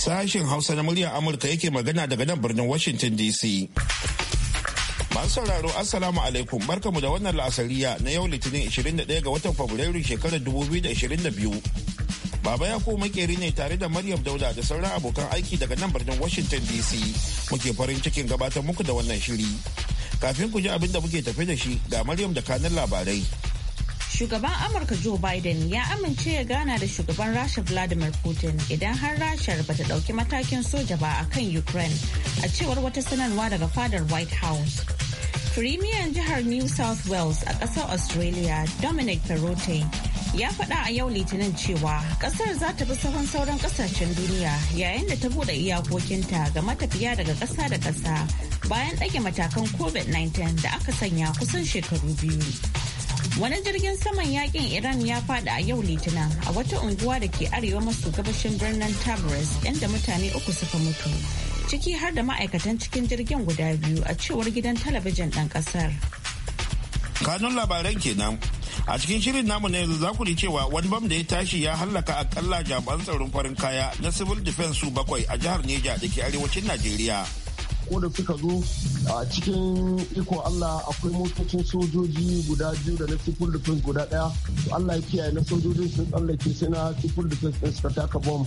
Sashen Hausa na muryar Amurka yake magana daga nan birnin Washington DC. Masu sauraro Assalamu alaikum barkamu da wannan la'asariya na yau Litinin 21 ga watan Fabrairu shekarar 2022. Baba ya ko makeri ne tare da Maryam Dauda da sauran abokan aiki daga nan birnin Washington DC muke farin cikin gabatar muku da wannan shiri. Kafin ku ji abin da muke tafe da shi ga Maryam da kanin labarai. shugaban amurka joe biden ya amince ya gana da shugaban rasha vladimir putin idan har rashar bata dauki matakin soja ba a kan ukraine a cewar wata sanarwa daga fadar white house premier jihar new south wales a kasar australia dominic perrottet ya faɗa a yau litinin cewa ƙasar za ta bi sahun sauran ƙasashen duniya yayin da ta buɗe iyakokinta ga matafiya daga ƙasa da ƙasa bayan ɗage matakan covid-19 da aka sanya kusan shekaru biyu Wani jirgin saman yakin Iran ya fada a yau Litinin a wata unguwa da ke arewa maso gabashin birnin Tabriz inda mutane uku suka mutu. Ciki har da ma'aikatan cikin jirgin guda biyu a cewar gidan talabijin ɗan ƙasar. Kanun labaran kenan a cikin shirin namu na yanzu za ku ji cewa wani bam da ya tashi ya hallaka akalla jami'an tsaron farin kaya na civil defense su bakwai a jihar neja da ke arewacin najeriya ko da suka zo a cikin iko Allah akwai motocin sojoji guda biyu da na civil defense guda daya Allah ya kiyaye na sojojin sun tsallake sai na civil defense ɗin suka taka bom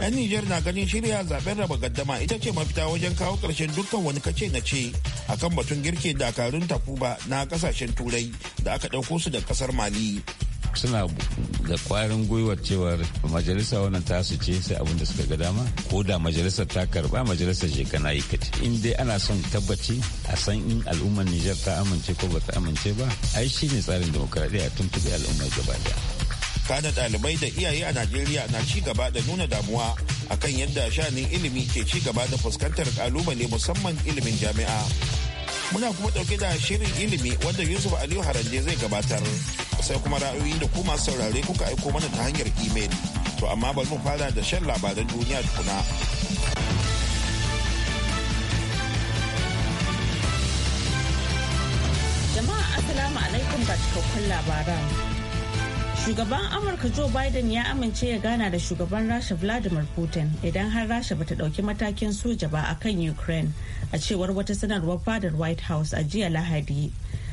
yan Nijar na ganin shirya zaben raba gaddama ita ce mafita wajen kawo ƙarshen dukkan wani kace na ce akan batun girke dakarun takuba na kasashen turai da aka ɗauko su da ƙasar Mali suna da kwarin gwiwar cewar majalisa wannan su ce sai abinda suka ga dama ko da majalisar ta karba majalisar je kana yi kaci in dai ana son tabbaci a san in al'ummar Nijar ta amince ko ba ta amince ba ai shi ne tsarin demokradiyya tuntuɓe al'ummar gaba daya kana ɗalibai da iyaye a najeriya na ci gaba da nuna damuwa akan yadda shanin ilimi ke ci gaba da fuskantar kalubale musamman ilimin jami'a muna kuma dauke da shirin ilimi wanda yusuf aliyu haranje zai gabatar sai kuma ra'ayoyi da kuma saurare kuka aiko mana ta hanyar imel to amma bari mu fara da shan labaran duniya tukuna jama'a assalamu alaikum ga cikakkun labaran Shugaban Amurka Joe Biden ya amince ya gana da shugaban Rasha Vladimir Putin idan har Rasha bata dauki matakin soja ba a kan Ukraine a cewar wata sanarwar fadar White House a jiya Lahadi.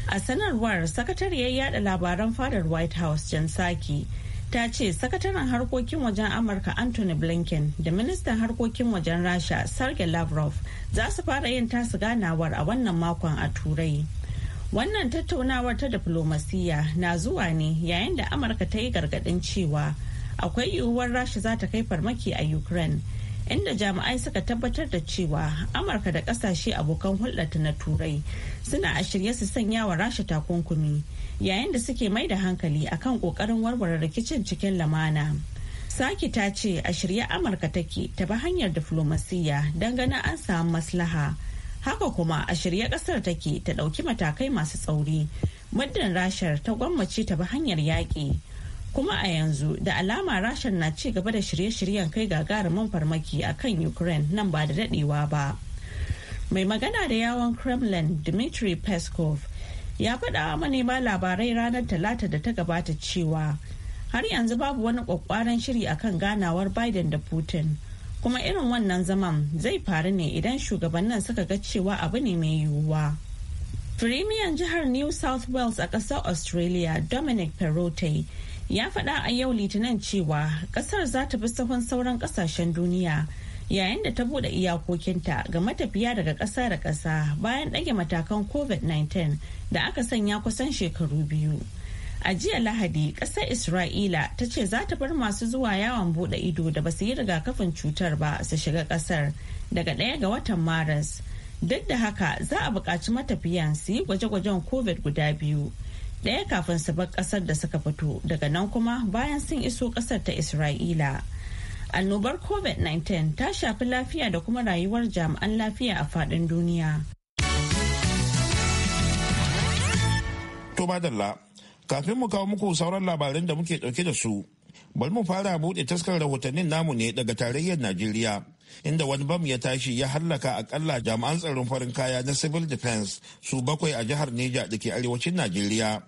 A sanarwar sakatariyar yada labaran fadar White House Jan Saki ta ce sakataren harkokin wajen Amurka Anthony Blinken da ministan harkokin wajen Rasha sergei Lavrov za su fara yin tasu ganawar a wannan makon a Turai. Wannan tattaunawar ta diflomasiyya na zuwa ne yayin da Amurka ta yi gargadin cewa akwai yiwuwar Rasha za ta kai farmaki a Ukraine, inda jami'ai suka tabbatar da cewa Amurka da kasashe abokan hulɗarta na Turai suna a shirye su sanya wa Rasha takunkumi yayin da suke mai da hankali akan kokarin warware rikicin cikin lamana. Saki ta ce a shirye Amurka take ta bi hanyar diflomasiyya don ganin an samu maslaha. haka kuma a shirye kasar take ta ɗauki matakai masu tsauri muddin rashar ta gwammace ta bi hanyar yaƙi kuma a yanzu da alama rashar na ci gaba da shirye-shiryen kai gagarumin farmaki a kan ukraine nan ba da daɗewa ba mai magana da yawon kremlin dmitry peskov ya faɗa manema labarai ranar talata da ta gabata cewa har yanzu babu wani ƙwaƙƙwaran shiri akan ganawar biden da putin kuma irin wannan zaman zai faru ne idan shugabannin suka ga cewa abu ne mai yiwuwa firimiyan jihar new south wales a ƙasar australia dominic perrottet ya faɗa a yau litinin cewa ƙasar za ta bi sahun sauran ƙasashen duniya yayin da ta bude iyakokinta ga matafiya daga ƙasa da ƙasa bayan ɗage matakan covid-19 da aka sanya kusan shekaru biyu A jiya Lahadi, ƙasar Isra'ila ta ce za ta bar masu zuwa yawon bude ido da ba su yi rigakafin cutar ba su shiga ƙasar daga ɗaya ga watan Maris. Duk da haka za a buƙaci matafiyan su yi gwaje-gwajen COVID guda biyu. Ɗaya kafin su bar ƙasar da suka fito daga nan kuma bayan sun iso ƙasar ta Isra'ila. Annobar COVID-19 ta shafi lafiya da kuma rayuwar jami'an lafiya a faɗin duniya. To madalla Kafin mu kawo muku sauran labaran da muke ɗauke da su, bari mu fara buɗe taskar rahotannin namu ne daga tarayyar Najeriya, inda wani bam ya tashi ya hallaka akalla jami'an tsaron farin kaya na civil defense su bakwai a jihar Neja da ke arewacin Najeriya.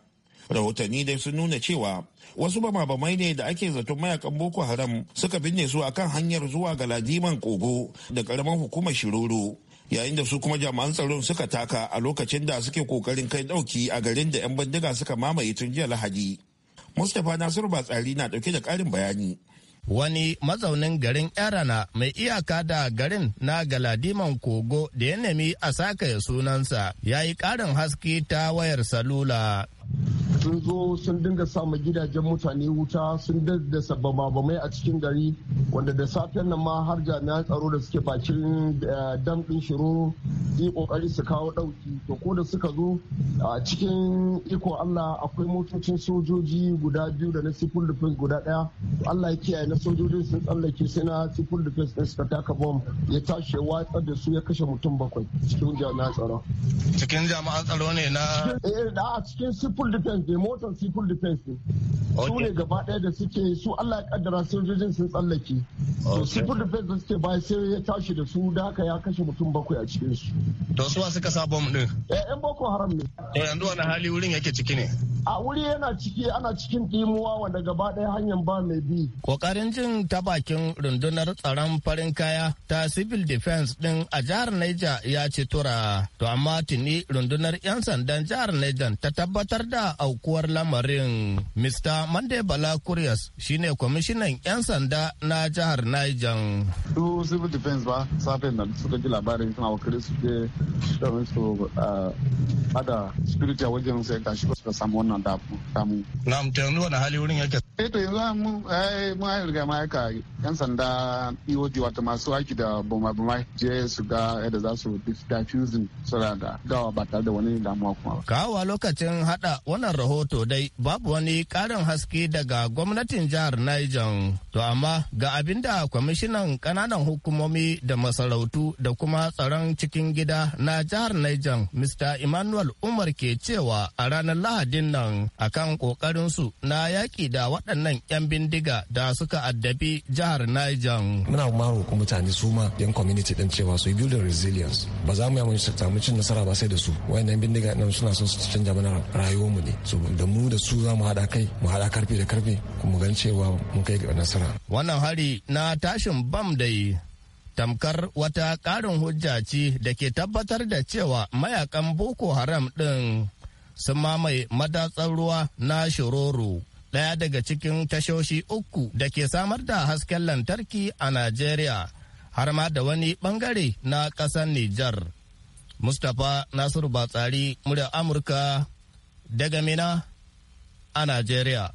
Rahotanni dai sun nuna cewa wasu bama-bamai ne da ake zaton mayakan Boko Haram suka binne su akan hanyar zuwa ga Ladiman Kogo da karamar hukumar Shiroro. yayin da su kuma jami'an tsaron suka taka a lokacin da suke kokarin kai dauki a garin da 'yan bindiga suka mamaye tun jiya lahadi mustapha nasiru batsari na dauke da karin bayani wani mazaunin garin yarana mai iyaka da garin na galadiman kogo da ya nemi a sake sunansa ya yi karin haske ta wayar salula sun zo sun dinga samun gidajen mutane wuta sun daddasa bama-bamai a cikin gari wanda da safiyan nan ma har jami'an tsaro da suke bakin eh, damɗin shiro yi kokari su kawo ɗauki to ko da suka zo a cikin iko allah akwai motocin sojoji guda biyu da na civil defense guda ɗaya allah ya kiyaye na sojojin sun tsallake sai na civil defense ɗin suka taka bom ya tashi watsar da su ya kashe mutum bakwai cikin jami'an tsaro cikin jami'an tsaro ne na eh, a cikin civil defense ne motar civil defense ne su ne gaba ɗaya da suke su allah ya kaddara sojojin sun tsallake to civil defense da suke baya sai ya tashi da su da haka ya kashe mutum bakwai a cikin su to su suka sa bom din eh yan boko haram ne to yanzu wani hali wurin yake ciki ne a wuri yana ciki ana cikin ɗimuwa wanda gaba ɗaya hanyar ba mai bi. Kokarin jin ta bakin rundunar tsaron farin kaya ta civil defense ɗin a jihar Niger ya ce tura. To amma tuni rundunar 'yan sandan jihar Niger ta tabbatar da aukuwar lamarin. Mr. Monday Bala Curious shine kwamishinan 'yan sanda na jihar Niger. Su civil defense ba safe nan suka ji labarin suna wakilin su je domin su hada ah, security a wajen sai tashi suka samu wannan wannan damu. Na'am, ta yanzu hali wurin yake? Eto eh, yanzu an mu eh, mun riga ma yan sanda EOD wato masu aiki da boma boma je su ga yadda za su diffusing sura da gawa ba tare da wani damuwa kuma ba. Kawa lokacin hada wannan rahoto dai babu wani karin haske daga gwamnatin jihar Niger to amma ga abinda kwamishinan kananan hukumomi da masarautu da kuma tsaron cikin gida na jihar Niger Mr. Emmanuel Umar ke cewa a ranar Lahadin nan akan kokarin su na yaki da waɗannan 'yan bindiga da suka addabi jihar Niger. Muna kuma roƙo mutane su ma 'yan community din cewa su building resilience. Ba za mu yi mu cin nasara ba sai da su. yan bindiga nan suna son su canja mana rayuwar mu ne. So da mu da su za mu haɗa kai mu haɗa karfe da karfe kuma gan cewa mun kai ga nasara. Wannan hari na tashin bam da yi tamkar wata ƙarin hujja ce da ke tabbatar da cewa mayakan boko haram ɗin sun mamaye matatsar ruwa na shiroro ɗaya daga cikin tashoshi uku da ke samar da hasken lantarki a Najeriya har ma da wani bangare na ƙasar Nijar. Mustapha Nasiru Batsari, murya Amurka daga Mina a Najeriya.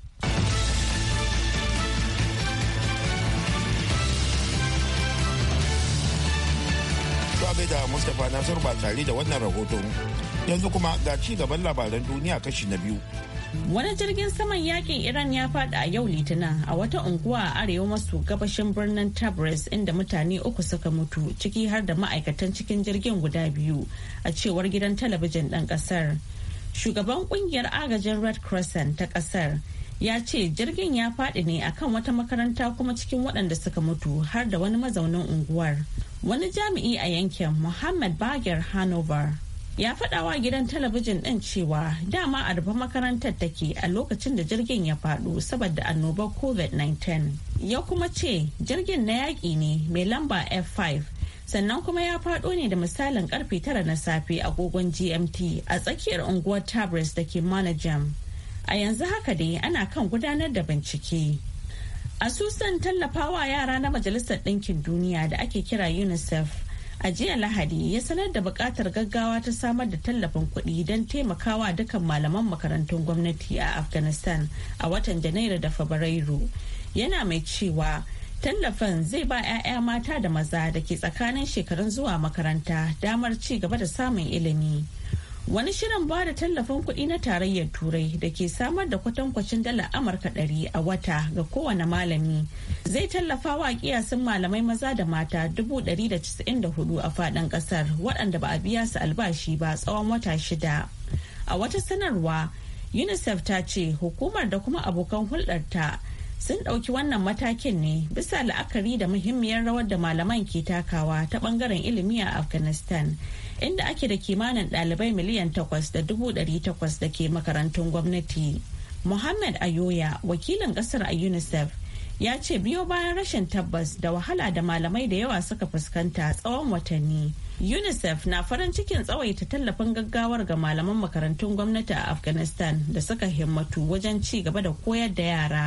da Mustapha Nasiru Batsari da wannan rahoton. Yanzu kuma ga ci gaban labaran duniya kashi na biyu. Wani jirgin saman yakin Iran ya fada a yau Litinin a wata unguwa a arewa maso gabashin birnin Tabriz inda mutane uku suka mutu ciki har da ma'aikatan cikin jirgin guda biyu a cewar gidan talabijin ɗan ƙasar. Shugaban ƙungiyar agajin Red Crescent ta ƙasar ya ce jirgin ya faɗi ne akan wata makaranta kuma cikin waɗanda suka mutu har da wani mazaunin unguwar. Wani jami'i a yankin Muhammad bagir Hanover ya faɗawa gidan talabijin ɗin cewa dama a rufe makarantar take a lokacin da jirgin ya faɗo saboda annobar covid-19 ya kuma ce jirgin na yaƙi ne mai lamba f5 sannan kuma ya faɗo ne da misalin karfe tara na safe a agogon gmt a tsakiyar unguwar tabris da ke manajam a yanzu haka dai ana kan gudanar da bincike asusun tallafawa yara na majalisar ɗinkin duniya da ake kira unicef a jiya lahadi ya sanar da bukatar gaggawa ta samar da tallafin kuɗi don taimakawa dukkan malaman makarantun gwamnati a afghanistan a watan janairu da fabrairu yana mai cewa tallafin zai ba 'ya'ya mata da maza da ke tsakanin shekarun zuwa makaranta damar ci gaba da samun ilimi wani shirin ba da tallafin kuɗi na tarayyar turai da ke samar da kwatankwacin dala amurka 100 a wata ga kowane malami zai tallafa wa kiyasin malamai maza da mata 194 a faɗin ƙasar waɗanda ba a biya su albashi ba tsawon wata shida a wata sanarwa unicef ta ce hukumar da kuma abokan hulɗarta sun ɗauki wannan matakin ne bisa la'akari da muhimmiyar rawar da malaman ke takawa ta ɓangaren ilimi a afghanistan inda ake da kimanin ɗalibai miliyan takwas da dubu ɗari takwas da ke makarantun gwamnati muhammad ayoya wakilin ƙasar a unicef ya ce biyo bayan rashin tabbas da wahala da malamai da yawa suka fuskanta tsawon watanni unicef na farin cikin tsawaita tallafin gaggawar ga malaman makarantun gwamnati a afghanistan da suka himmatu wajen ci gaba da koyar da yara.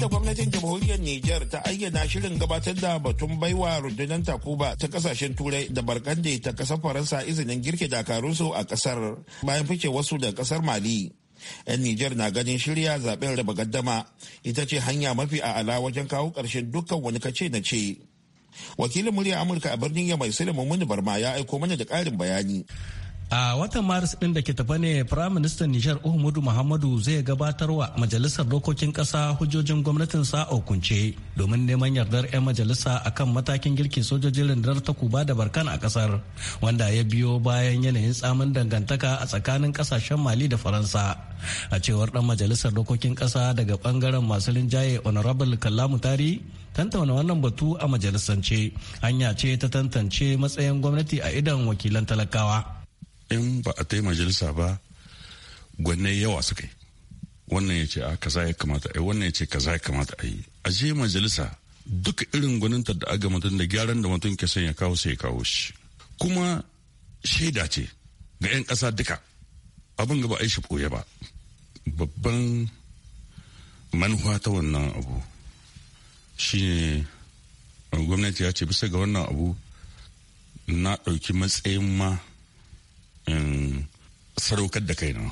da gwamnatin jamhuriyar Nijar ta ayyana shirin gabatar da batun baiwa rundunar takuba ta kasashen turai da barkande ta kasar faransa izinin girke dakarunsu a kasar bayan fice wasu da kasar mali 'yan Nijar na ganin shirya zaben raba gaddama ita ce hanya mafi a'ala wajen kawo ƙarshen dukkan wani kace na ce. Wakilin murya Amurka a birnin Yamai Sulaiman Muni Barma ya aiko mana da ƙarin bayani. A watan Maris ɗin da ke tafa ne Firayim Ministan Nijar Uhumudu Muhammadu zai gabatar wa Majalisar Dokokin Ƙasa hujjojin gwamnatin sa kunce domin neman yardar 'yan majalisa akan matakin girkin sojojin rundunar ta Kuba da Barkan a ƙasar wanda ya biyo bayan yanayin tsamin dangantaka a tsakanin ƙasashen Mali da Faransa. A cewar ɗan Majalisar Dokokin Ƙasa daga bangaren masu linjaye Honorable Kallamu Tari tantauna wannan batu a majalisance hanya ce ta tantance matsayin gwamnati a idan wakilan talakawa. in ba a tai majalisa ba gwanne yawa suka yi wannan ya ce a kaza ya kamata a yi wannan ya ce kaza ya kamata a yi a je majalisa duk irin gwaninta da aga mutum da gyaran da mutum ke son ya kawo sai ya kawo shi kuma shaida ce ga 'yan ƙasa duka abin gaba a yi shi ɓoye ba babban manufa ta wannan abu shine gwamnati ya ce bisa ga wannan abu na ɗauki matsayin ma sadaukar da kaina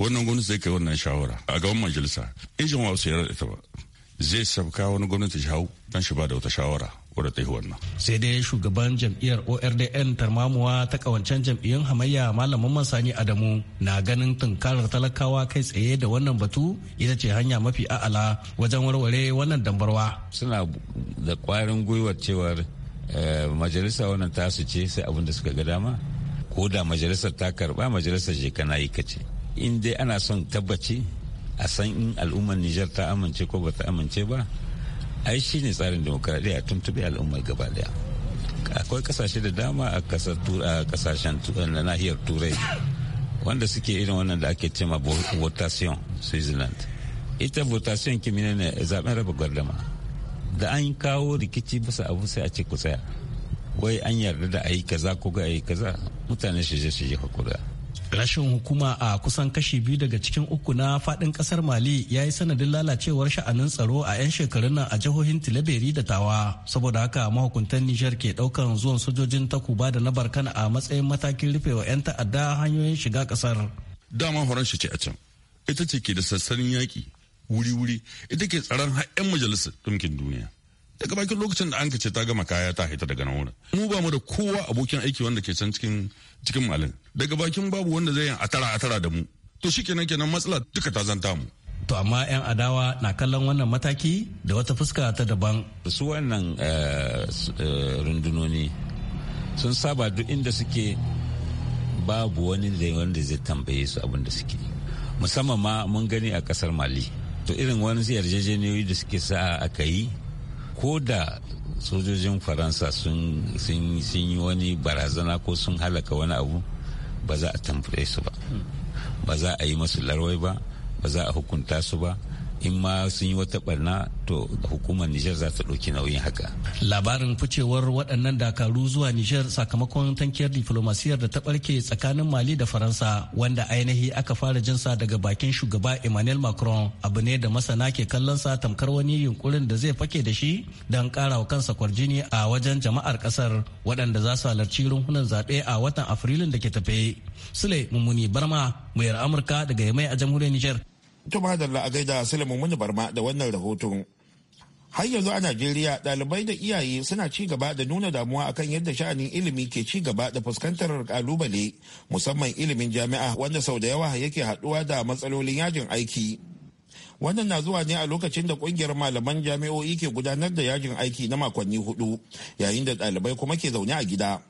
wannan gwamnati zai kai wannan shawara a gaban majalisa in wasu ya yarda ta ba zai sabka wani gwamnati shi hau don shi ba da wata shawara wadda ta yi wannan. sai dai shugaban jam'iyyar ordn tarmamuwa ta kawancen jam'iyyun hamayya malamin masani adamu na ganin tunkarar talakawa kai tsaye da wannan batu ita ce hanya mafi a'ala wajen warware wannan dambarwa. suna da kwarin gwiwar cewar eh, majalisa wannan tasu ce sai abin da suka ga dama ko da majalisar ta karba majalisar je kana yi kace in dai ana son tabbaci a san in al'ummar Nijar ta amince ko ba ta amince ba ai shi ne tsarin demokradiyya tube al'ummar gaba daya akwai kasashe da dama a kasar a kasashen nahiyar turai wanda suke irin wannan da ake cema votation switzerland ita votation kimi ne zaben raba gardama da an kawo rikici bisa abu sai a ce ku tsaya wai an yarda da ayi kaza ko ga ayi kaza mutane su je su je rashin hukuma a kusan kashi biyu daga cikin uku na fadin kasar mali ya yi sanadin lalacewar sha'anin tsaro a 'yan shekarun nan a jihohin tilaberi da tawa saboda haka mahukuntan nijar ke daukan zuwan sojojin takuba da na barkan a matsayin matakin rufewa 'yan ta'adda hanyoyin shiga kasar dama horon shi ce a can ita ce ke da sassanin yaki wuri-wuri ita ke tsaron har 'yan majalisar ɗumkin duniya daga bakin lokacin da an ce ta gama kaya ta haita daga nan wurin mu ba mu da kowa abokin aiki wanda ke can cikin cikin malin daga bakin babu wanda zai tara atara atara da mu to shikenan kenan matsala duka ta zanta mu to amma yan adawa na kallon wannan mataki da wata fuska ta daban su wannan eh, eh, rundunoni sun saba duk inda suke babu wani da wanda zai tambaye su abin da suke musamman ma mun gani a kasar mali to irin wani yarjejeniyoyi da suke sa aka yi ko da sojojin faransa sun yi wani barazana ko sun halaka wani abu ba za a tambaye su ba hmm. ba za a yi masu larwai ba ba za a hukunta su ba in ma sun yi wata barna to hukumar nijar za ta ɗauki nauyin haka labarin ficewar waɗannan dakaru zuwa nijar sakamakon tankiyar diflomasiyar da ta ɓarke tsakanin mali da faransa wanda ainihi aka fara jinsa daga bakin shugaba emmanuel macron abu ne da masana ke kallon sa tamkar wani yunkurin da zai fake da shi don ƙara wa kansa kwarjini a wajen jama'ar kasar waɗanda za su halarci runhunan zaɓe a watan afrilun da ke tafe sule mummuni barma muyar amurka daga yamai a jamhuriyar nijar Tuma da la'agai da Sulaiman Muni Barma da wannan rahoton. Har yanzu a Najeriya dalibai da iyaye suna ci gaba da nuna damuwa akan yadda sha'anin ilimi ke ci gaba da fuskantar kalubale musamman ilimin jami'a wanda sau da yawa yake haɗuwa da matsalolin yajin aiki. wannan na zuwa ne a lokacin da kungiyar malaman jami'o'i ke gudanar da yajin aiki na makonni hudu yayin da ɗalibai kuma ke zaune a gida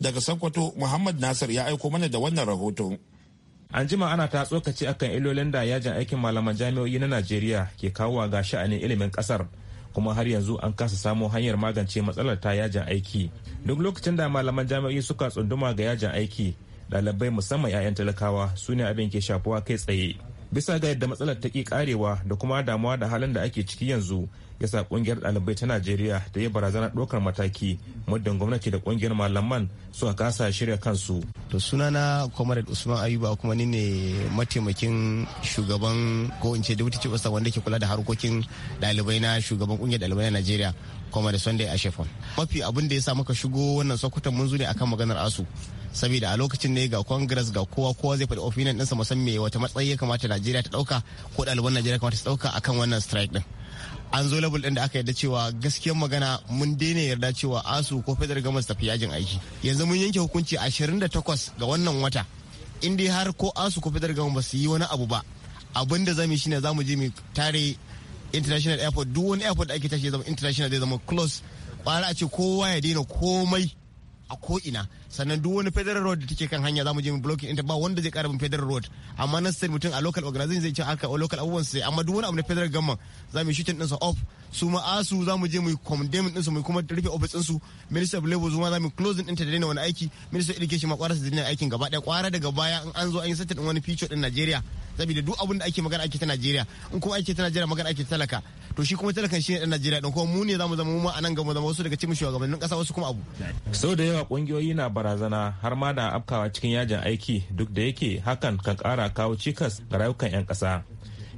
daga sokoto muhammad nasir ya aiko mana da wannan rahoton an jima ana ta tsokaci akan ilolin da yajin aikin malaman jami'o'i na najeriya ke kawowa ga sha'anin ilimin kasar kuma har yanzu an kasa samo hanyar magance matsalar ta yajin aiki duk lokacin da malaman jami'o'i suka tsunduma ga yajin aiki ɗalibai musamman 'ya'yan talakawa su ne abin ke shafuwa kai tsaye bisa ga yadda matsalar ta ki karewa da kuma damuwa da halin da ake ciki yanzu ya sa kungiyar ɗalibai ta najeriya da ya barazana ɗaukar mataki muddin gwamnati da kungiyar malaman a kasa shirya kansu to sunana comrade usman ayuba kuma ni ne mataimakin shugaban ko in ce deputy chief wanda ke kula da harkokin ɗalibai na shugaban kungiyar ɗalibai na najeriya kwamar sunday ashefon mafi abin da ya sa muka shigo wannan sokoton mun zo ne akan maganar asu saboda a lokacin ne ga congress ga kowa kowa zai faɗi opinion ɗinsa musamman me wata matsayi ya kamata najeriya ta ɗauka ko ɗaliban najeriya kamata su ɗauka akan wannan strike ɗin an zo labul din da aka yarda cewa gaskiyar magana mun daina yarda cewa asu ko federal government tafi yajin aiki yanzu mun yanke hukunci ashirin 28 ga wannan wata in dai har ko asu ko federal government ba su yi wani abu ba abin da zamu shine zamu je mu tare international airport duk wani airport da ake tashi zama international zai zama close kwara a ce kowa ya daina komai a ko ina sannan duk wani federal road da take kan hanya zamu je mu blocking ɗinta ba wanda zai kara mun federal road amma na sai mutum a local organization zai ce aka local abubuwan sai amma duk wani abu na federal government zamu shooting ɗinsa off su ma asu za mu je mu condemn din su mu kuma rufe ofis din su minister of labor zuma za mu closing din ta daina wani aiki minister of education ma kwara su daina aikin gaba daya kwara daga baya in an zo an yi din wani feature din Najeriya saboda duk abin da ake magana ake ta Najeriya in kuma ake ta Najeriya magana ake talaka to shi kuma talakan shi ne dan Najeriya don kuma mu ne zamu zama mu ma anan gaba zama wasu daga cikin shugabannin kasa wasu kuma abu sau da yawa kungiyoyi na barazana har ma da afkawa cikin yajin aiki duk da yake hakan kan kara kawo cikas ga rayukan yan kasa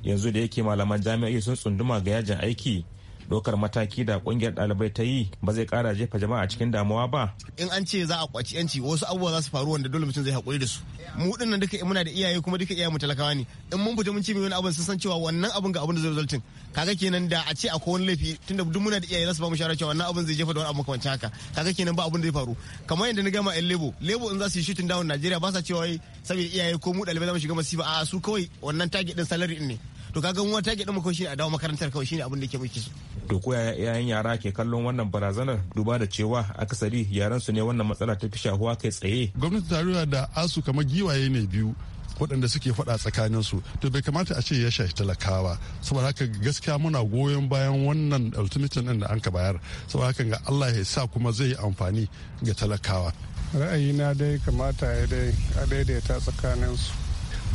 yanzu da yake malaman jami'a sun tsunduma ga yajin aiki dokar mataki da kungiyar dalibai ta yi ba zai kara jefa jama'a cikin damuwa ba. In an ce za a kwaci yanci wasu abubuwa za su faru wanda dole mutum zai haƙuri da su. Mu dinnan duka muna da iyaye kuma duka iyaye mu talakawa ne. In mun fita mun ci mai wani abin sun san cewa wannan abin ga abin da zai resultin. Kaga kenan da a ce akwai wani laifi tunda duk muna da iyaye za su ba mu shawara cewa wannan abin zai jefa da wani abu kamar haka. Kaga kenan ba abin da zai faru. Kamar yadda na gama 'yan lebo. Lebo in za su yi shooting down Najeriya ba sa cewa saboda iyaye ko mu ɗalibai za mu shiga masifa a su kawai wannan target din salary din ne. to kaga mu ta gida mako shi a dawo makarantar kawai shine abin da ke muke so to ko yayan yara ke kallon wannan barazanar duba da cewa akasari yaran su ne wannan matsala ta fi shahuwa kai tsaye gwamnati tarayya da asu kamar giwaye ne biyu waɗanda suke faɗa tsakanin su to bai kamata a ce ya shafi talakawa saboda haka gaskiya muna goyon bayan wannan ultimatum din da an ka bayar saboda haka ga Allah ya sa kuma zai yi amfani ga talakawa ra'ayina dai kamata ya dai a daidaita tsakanin su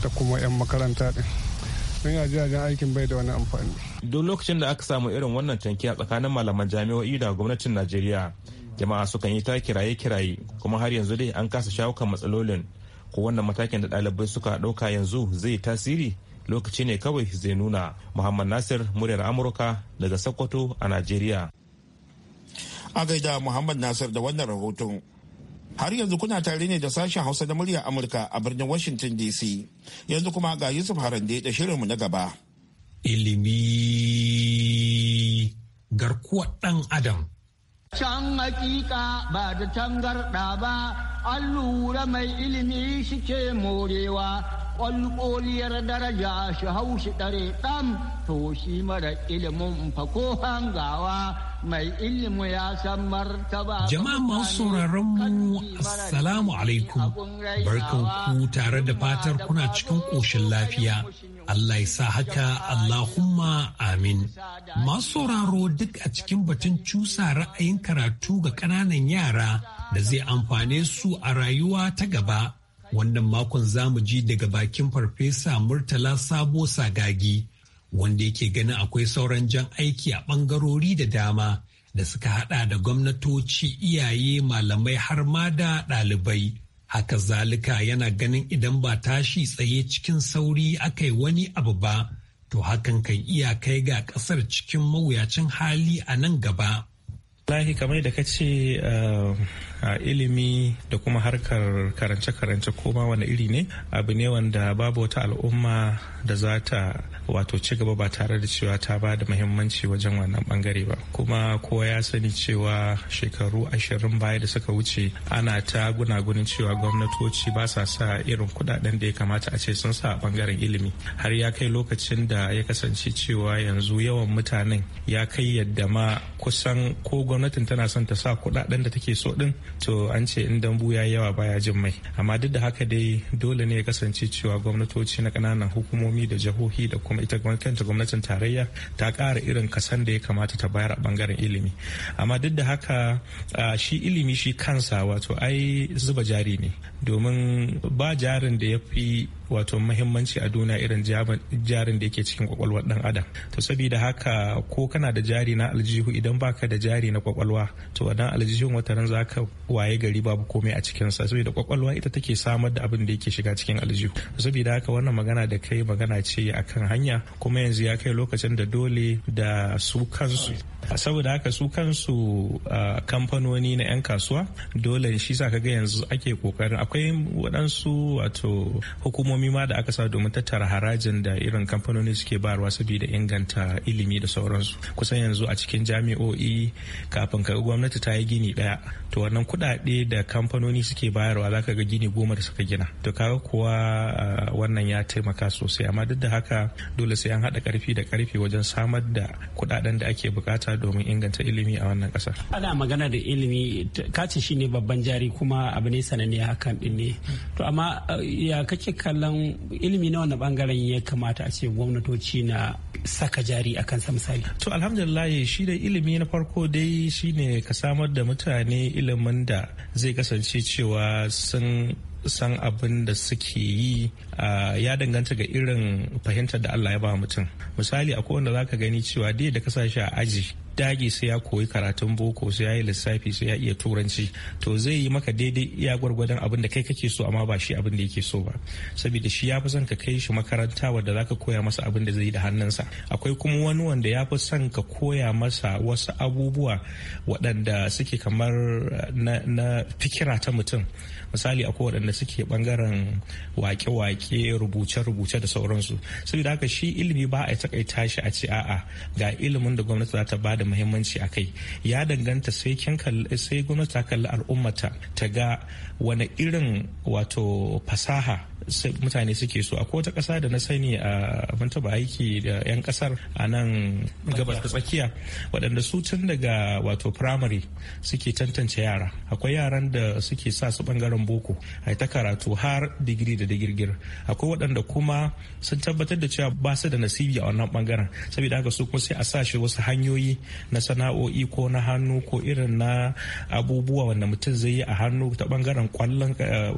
da kuma 'yan makaranta ɗin don a aikin bai da wani amfani. Duk lokacin da aka samu irin wannan canki a tsakanin malaman jami'o'i da gwamnatin Najeriya, jama'a sukan yi ta kiraye-kiraye kuma har yanzu dai an kasa shawo matsalolin. Ko wannan matakin da ɗalibai suka ɗauka yanzu zai tasiri lokaci ne kawai zai nuna. Muhammad Nasir muryar Amurka daga Sokoto a Najeriya. A gaida Muhammad Nasir da wannan rahoton. Har yanzu kuna tare ne da sashen Hausa da murya Amurka a birnin Washington DC. Yanzu kuma ga Yusuf Harande da shirinmu na gaba. Ilimi garkuwar ɗan Adam. Can hakika ba da tangarɗa ba, an lura mai ilimi shi shike morewa ƙwalƙoliyar daraja shi haushi dare dam to shi mara ilimin fa ko hangawa mai ilimi ya san martaba. Jama'a masu sauraron mu assalamu alaikum barkan ku tare da fatar kuna cikin ƙoshin lafiya. Allah ya sa haka Allahumma amin. Masu sauraro duk a cikin batun cusa ra'ayin karatu ga ƙananan yara da zai amfane su a rayuwa ta gaba. Wannan makon zamu ji daga bakin Farfesa Murtala Sabo Sagagi, wanda yake ganin akwai sauran jan aiki a bangarori da dama da suka haɗa da gwamnatoci, iyaye, malamai har ma da ɗalibai. Haka zalika yana ganin idan ba tashi tsaye cikin sauri aka wani abu ba, to hakan kan iya kai ga ƙasar cikin mawuyacin hali a nan gaba. Lahi kamar da ka ce eh, a ilimi da kuma harkar karance-karance ko ma wani iri ne abu ne wanda babu wata al'umma da za ta wato ci gaba ba tare da cewa ta ba da muhimmanci wajen wannan bangare ba kuma kowa ya sani cewa shekaru ashirin baya da suka wuce ana ta gunagunin cewa gwamnatoci ba sa sa irin kudaden da ya kamata a ce sun sa a bangaren ilimi har ya kai lokacin da ya kasance cewa yanzu yawan mutanen ya kai yadda ma kusan ko gwamnatin tana son ta sa kudaden da take so din to an ce in dambu ya yawa baya jin mai amma duk da haka dai dole ne ya kasance cewa gwamnatoci na kananan hukumomi da jihohi da kuma ita kanta gwamnatin tarayya ta ƙara irin kasan da ya kamata ta bayar a bangaren ilimi amma duk da haka shi ilimi shi kansa wato ai zuba jari ne domin ba jarin da ya fi wato mahimmanci a duniya irin jarin da yake cikin kwakwalwar dan adam to saboda haka ko kana da jari na aljihu idan baka da jari na kwakwalwa to dan aljihun wata ran zaka waye gari babu komai a cikin sa saboda kwakwalwa ita take samar da abin da yake shiga cikin aljihu saboda haka wannan magana da kai magana ce akan hanya kuma yanzu ya kai lokacin da dole da su kansu saboda haka su kansu ah, kamfanoni na 'yan kasuwa dole shi sa ga yanzu ake kokarin akwai waɗansu wato hukumomi ma da aka sa domin tattara harajin da irin kamfanoni suke bayarwa saboda inganta ilimi da sauransu kusan yanzu a cikin jami'o'i kafin ka gwamnati ta yi gini ɗaya to wannan kuɗaɗe da kamfanoni suke bayarwa za ka ga gini goma da suka gina to kaga kuwa ah, wannan ya taimaka sosai amma duk da haka dole sai an haɗa ƙarfi da ƙarfi wajen samar da kuɗaɗen da ake bukata domin inganta ilimi a wannan ƙasar. ana magana da ilimi kace shine babban jari kuma abu ne sananne haka to amma eh, ya kake kallon ilimi na wani bangaren ya kamata a ce gwamnatoci na saka jari a kansa misali to alhamdulillah shi da ilimi na farko dai shine ka samar da mutane ilimin da zai kasance cewa sun san abin da suke yi ah, ya danganta ga irin fahimtar da Allah ya ba mutum misali a wanda za ka gani cewa dai da kasashe a aji dage sai ya koyi karatun boko sai ya yi lissafi sai ya iya turanci to zai yi maka daidai iya gwargwadon abin da kai kake so amma ba shi abin da yake so ba saboda shi ya fi son ka kai shi makaranta wadda ka koya masa abin da zai yi da hannunsa akwai kuma wani wanda ya fi son ka koya masa wasu abubuwa waɗanda suke kamar eh, na, fikira ta mutum misali akwai waɗanda suke bangaren wake-wake rubuce-rubuce da sauransu saboda haka shi ilimi ba a takaita shi a ce a'a ga ilimin da gwamnati za ta bada da muhimmanci a kai ya danganta sai gwamnati ta kalli al'ummata ta ga wani irin wato fasaha mutane suke so a wata kasa da na sani a ban ba aiki da 'yan kasar. a nan gabas ta tsakiya waɗanda su tun daga wato primary suke tantance yara akwai yaran da suke sa su ɓangaren boko a ta karatu har digiri da digirgir akwai waɗanda kuma sun tabbatar da cewa ba su da nasibi a wannan ɓangaren saboda haka su kuma sai a sa shi wasu hanyoyi na sana'o'i ko na hannu ko irin na abubuwa wanda mutum zai yi a hannu ta bangaren kwallon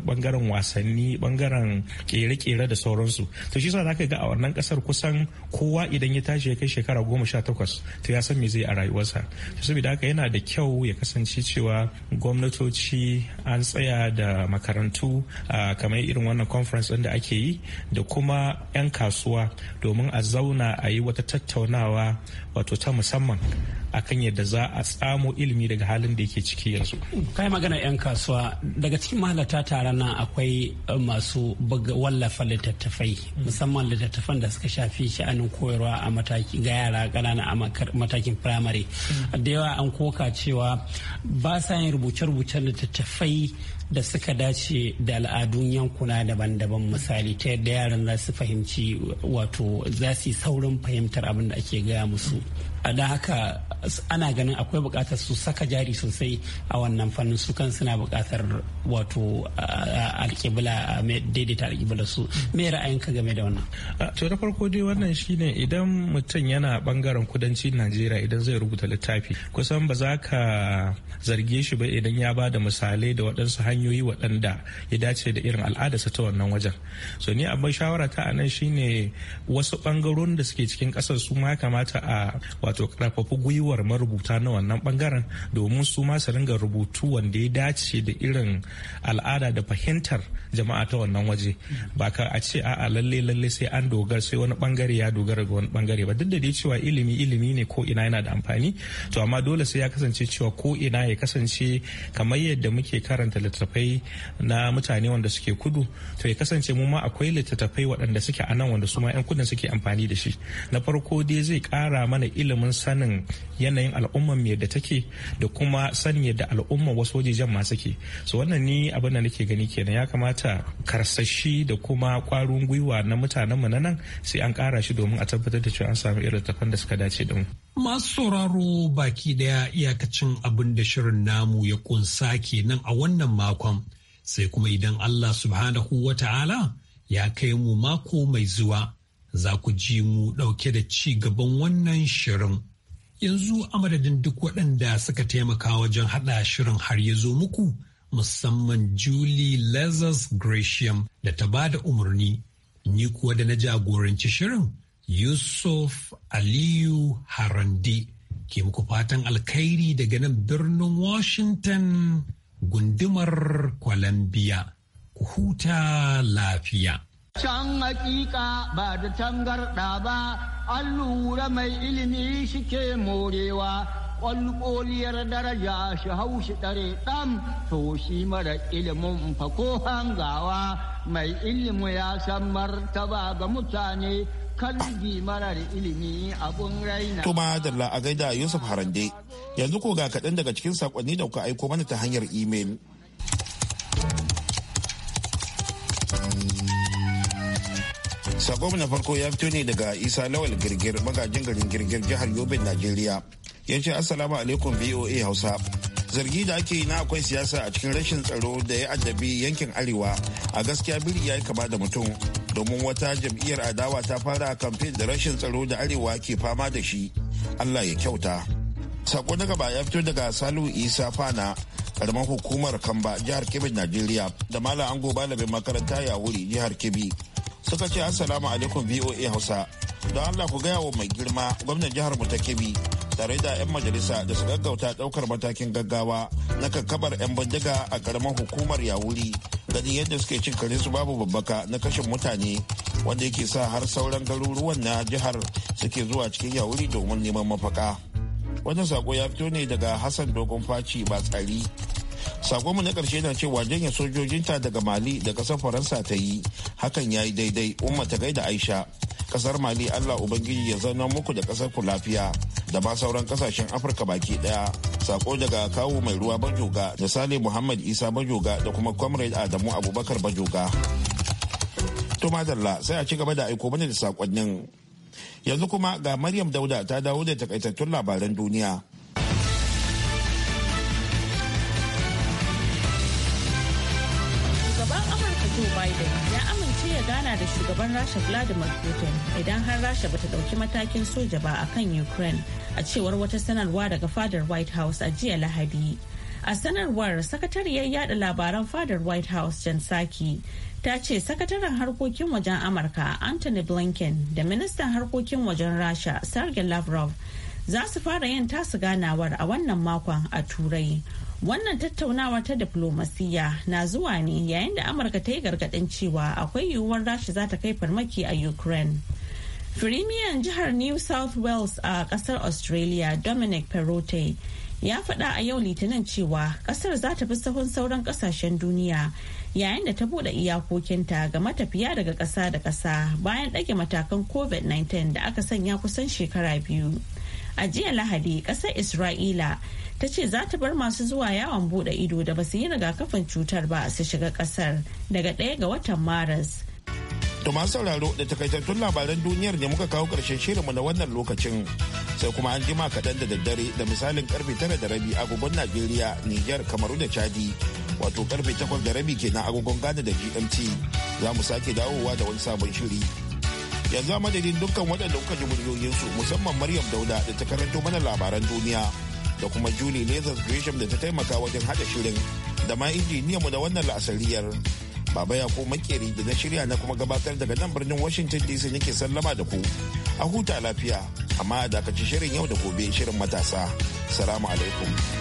bangaren eh, wasanni bangaren kere-kere da sauransu to shi sa za ga a wannan kasar kusan kowa idan ya tashi ya kai shekara goma sha takwas to ya san me zai a rayuwarsa to saboda haka yana da kyau ya kasance cewa gwamnatoci an tsaya da makarantu kamar irin wannan conference ɗin da ake yi da kuma 'yan kasuwa domin a zauna a yi wata tattaunawa wato ta musamman akan yadda za a tsamo ilimi daga halin da yake ciki yanzu. Kai magana 'yan kasuwa daga cikin mahalarta tare nan akwai eh, masu wallafa littattafai musamman littattafan da suka shafi sha'anin koyarwa a mataki ga yara ƙanana a matakin firamare. Da yawa an koka cewa ba sa yin rubuce-rubucen littattafai da suka dace da al'adun yankuna daban-daban misali ta yadda yaran za su fahimci wato za su yi saurin fahimtar abin da ake gaya musu A da haka ana ganin akwai bukatar su saka jari sosai a wannan fannin su kan suna bukatar wato alkibla daidaita alkibla su me ra'ayinka game da wannan to da farko dai wannan shine idan mutum yana bangaren kudancin najeriya idan zai rubuta littafi kusan ba za ka zarge shi ba idan ya ba da misalai da waɗansu hanyoyi waɗanda ya dace da irin al'adarsa ta wannan wajen so ni abin shawara ta anan shine wasu bangarorin da suke cikin ƙasar su ma kamata a wato karfafi gwiwar marubuta na wannan bangaren domin su ma su ringa rubutu wanda ya dace da irin al'ada da fahimtar jama'a ta wannan waje ba ka a ce a'a lalle lalle sai an dogara sai wani bangare ya dogara ga wani bangare ba duk da dai cewa ilimi ilimi ne ko ina yana da amfani to amma dole sai ya kasance cewa ko ina ya kasance kamar yadda muke karanta littattafai na mutane wanda suke kudu to ya kasance mu ma akwai littattafai waɗanda suke anan wanda su ma 'yan kudin suke amfani da shi na farko dai zai kara mana ilimin mun sanin yanayin al'ummar mai yadda take da kuma sanin yadda al'ummar wasu wajejen masu ke so wannan ni abin da nake gani kenan ya kamata karsashi da kuma kwarin gwiwa na mutanen mu na nan sai an kara shi domin a tabbatar da cewa an samu irin tafan da suka dace mu masu sauraro baki daya iyakacin abin da shirin namu ya kunsa kenan a wannan makon sai kuma idan Allah subhanahu wa ta'ala ya kai mu mako mai zuwa za ku ji mu ɗauke da ci gaban wannan shirin. Yanzu a madadin duk waɗanda suka taimaka wajen haɗa shirin har ya zo muku musamman Julie Lazarus Gratiam da ta ba da umarni, ni kuwa da na jagoranci shirin Yusuf Aliyu Harande ke muku fatan alkhairi daga nan birnin Washington gundumar Columbia. Ku huta lafiya. Can hakika ba da tangarɗa ba, an lura mai ilimi shike morewa, ƙwalƙoliyar daraja shi haushi ɗare ɗan, to shi mara ilimin fako hangawa, mai ilimi ya san martaba ga mutane kalbi marar ilimi abun raina. Tuma da la'agai da Yusuf Harande, yanzu ko ga kaɗan daga cikin sakonni da kuka aiko mana ta hanyar imel. Sakon na farko ya fito ne daga Isa Lawal Girgir magajin garin Girgir jihar Yobe Najeriya. Ya ce Assalamu alaikum VOA Hausa. Zargi da ake yi na akwai siyasa a cikin rashin tsaro da ya addabi yankin Arewa a gaskiya biri ya yi kama da mutum domin wata jam'iyyar adawa ta fara kamfe da rashin tsaro da Arewa ke fama da shi. Allah ya kyauta. Sako na gaba ya fito daga Salu Isa Fana karamar hukumar Kamba jihar Kebbi Najeriya da Malam Ango Balabin makaranta ya wuri jihar Kebbi. suka ce assalamu alaikum voa hausa don allah ku gaya wa mai girma gwamnan jihar mu ta kebbi tare da 'yan majalisa da su gaggauta daukar matakin gaggawa na kakkabar 'yan bindiga a karamar hukumar yawuri ganin yadda suke cin kare su babu babbaka na kashin mutane wanda yake sa har sauran garuruwan na jihar suke zuwa cikin yawuri domin neman mafaka wannan sako ya fito ne daga hassan dogon faci ba tsari sakonmu na karshe na cewa janye sojojinta daga mali da kasar faransa ta yi hakan ya yi daidai umma ta gaida aisha kasar mali allah ubangiji ya zauna muku da kasar ku lafiya da ba sauran kasashen afirka baki daya sako daga kawo mai ruwa bajoga da sale muhammad isa bajoga da kuma comrade adamu abubakar bajoga to madalla sai a ci gaba da aiko mana da sakonnin yanzu kuma ga maryam dauda ta dawo da takaitattun labaran duniya Joe Biden ya amince ya gana da shugaban Rasha Vladimir Putin idan har Rasha bata dauki matakin soja ba akan Ukraine a cewar wata sanarwa daga fadar White House a jiya Lahadi. A sanarwar sakatariyar yada labaran fadar White House Jan Saki ta ce sakataren harkokin wajen Amurka Anthony Blinken da ministan harkokin wajen Rasha Sergey Lavrov za su fara yin tasu ganawar a wannan makon a Turai. Wannan tattaunawa ta diplomasiya na zuwa ne yayin da Amurka ta yi gargaɗin cewa akwai yiwuwar rashi za ta kai farmaki a Ukraine. Firimiyan jihar New South Wales a ƙasar Australia Dominic Perrottet ya faɗa a yau litinin cewa ƙasar za ta fi sahun sauran ƙasashen duniya yayin da ta buɗe iyakokinta ga matafiya daga ƙasa da ƙasa bayan ɗage matakan COVID-19 da aka sanya kusan shekara biyu. a jiya lahadi kasar isra'ila ta ce za ta bar masu zuwa yawon bude ido da basu yi rigakafin cutar ba su shiga kasar daga ɗaya ga watan maras to masu sauraro da takaitattun labaran duniyar ne muka kawo ƙarshen shirinmu na wannan lokacin sai kuma an jima kaɗan da daddare da misalin karfe tara da rabi agogon najeriya niger kamaru da chadi wato karfe takwas da rabi kenan agogon ghana da gmt za mu sake dawowa da wani sabon shiri yanzu a madadin dukkan waɗanda kuka ji muryoyinsu musamman maryam dauda da ta karanto mana labaran duniya da kuma julie lazarus gresham da ta taimaka wajen haɗa shirin da ma mu da wannan la'asariyar baba ya ko makeri da na shirya na kuma gabatar daga nan birnin washington dc nake sallama da ku a huta lafiya amma a dakaci shirin yau da gobe shirin matasa salamu alaikum